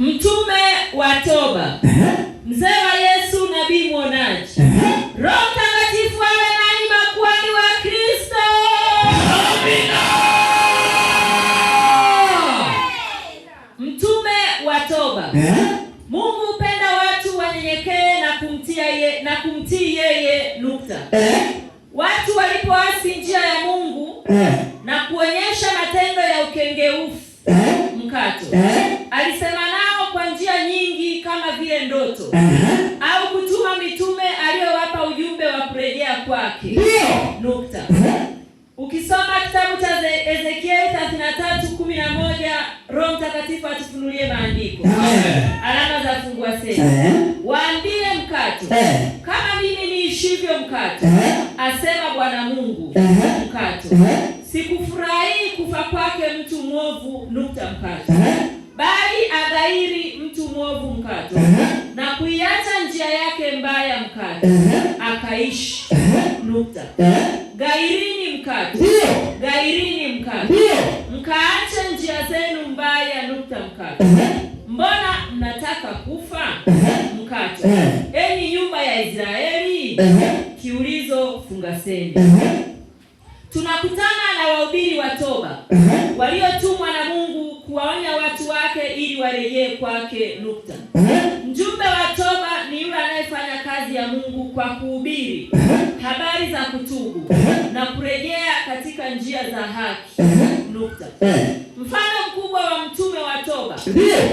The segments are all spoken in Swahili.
mtume wa toba, mzee wa Yesu, nabii mwonaji, Roho Mtakatifu awe nanyi makuhani wa Kristo. Mtume wa toba, Mungu hupenda watu wanyenyekee na kumtii yeye. Nukta. Watu walipoasi njia ya Mungu na kuonyesha matendo ya ukengeufu mkato, alisema watoto uh -huh. au kutuma mitume aliyowapa ujumbe wa kurejea kwake. Ndio. Nukta. Uh -huh. Ukisoma kitabu cha Ezekieli 33:11 Roho Mtakatifu atufunulie maandiko. Uh Alama za fungua seli. Uh -huh. Waambie mkato. Uh -huh. Kama mimi niishivyo mkato. Uh -huh. Asema Bwana Mungu. Uh -huh. Mkato. Uh -huh. Sikufurahii kufa kwake mtu mwovu nukta mkato. Uh -huh. Bali adhairi mtu mwovu mkato. Uh -huh maisha yake mbaya mkate uh -huh. akaishi uh -huh. nukta uh -huh. gairini mkate ndio gairini mkate ndio mkaacha njia zenu mbaya nukta mkate uh -huh. mbona mnataka kufa uh -huh. mkate uh -huh. eni nyumba ya Israeli uh -huh. kiulizo fungaseni uh -huh. tunakutana na wahubiri wa toba uh -huh. waliotumwa na Mungu kuwaonya watu wake ili warejee kwake nukta uh -huh. mjumbe wa ya Mungu kwa kuhubiri habari za kutubu na kurejea katika njia za haki. Nukta. Mfano mkubwa wa mtume wa toba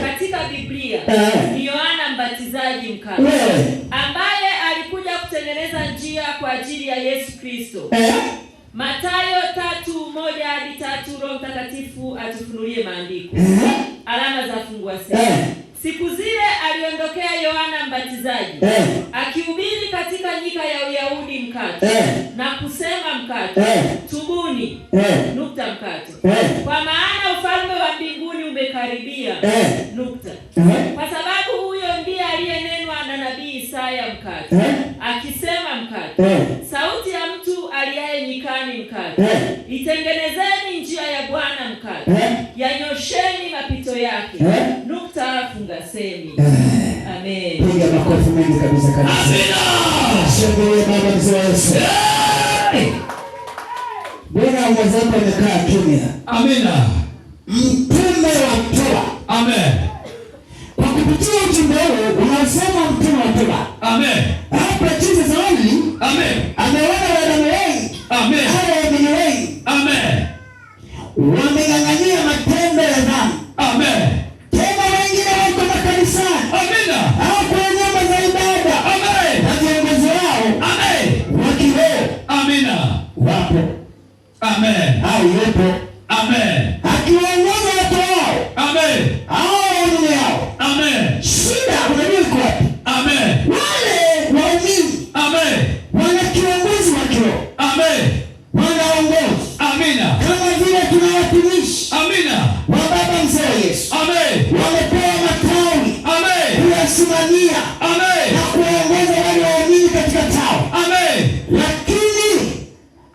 katika Biblia ni Yohana Mbatizaji mkali ambaye alikuja kutengeneza njia kwa ajili ya Yesu Kristo. Mathayo tatu moja hadi tatu. Roho Mtakatifu atufunulie maandiko. Alama za fungua Siku zile aliondokea Yohana Mbatizaji akihubiri katika nyika ya Uyahudi mkato eh, na kusema mkato eh, tubuni eh, nukta mkato eh, kwa maana ufalme wa mbinguni umekaribia eh, nukta eh, kwa sababu huyo ndiye aliyenenwa na nabii Isaya mkato eh, akisema mkato eh, sauti ya mtu aliaye nyikani mkato eh, itengenezeni njia ya Bwana mkato eh, yanyosheni mapito yake eh? nukta funga semi eh. Amen, piga makofi mengi kabisa shangilie Baba mzee Yesu. Bwana amekaa kimya. Amina, mtume wa toba. Amen, kwa kupitia ujumbe huu unasema mtume wa toba. Amen, hapa chini Amen, ameona wengi. Amen. wao yupo. Amen. Akiwaongoza watu wao. Amen. Hao waumini hao. Amen. Shida unajua iko wapi? Amen. Wale waumini. Amen. Wana kiongozi wa kiroho. Amen. Wanaongoza. Amina. Kama vile tuna Amina. Wa baba mzee Yesu. Amen. Wamepewa matawi. Amen. Kuwasimamia. Amen. Na kuwaongoza wale waumini katika tao. Amen.